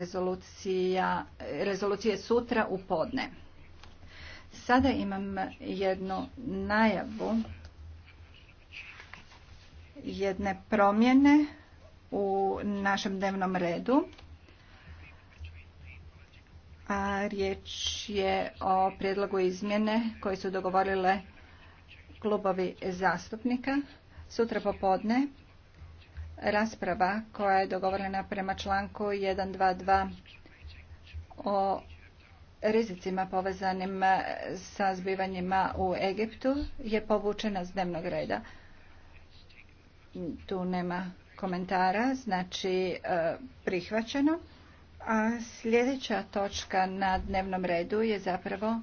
Rezolucija, rezolucije sutra u podne. Sada imam jednu najavu jedne promjene u našem dnevnom redu. A riječ je o prijedlogu izmjene koje su dogovorile klubovi zastupnika. Sutra popodne rasprava koja je dogovorena prema članku 122 o rizicima povezanim sa zbivanjima u Egiptu je povučena s dnevnog reda. Tu nema komentara, znači e, prihvaćeno. A sljedeća točka na dnevnom redu je zapravo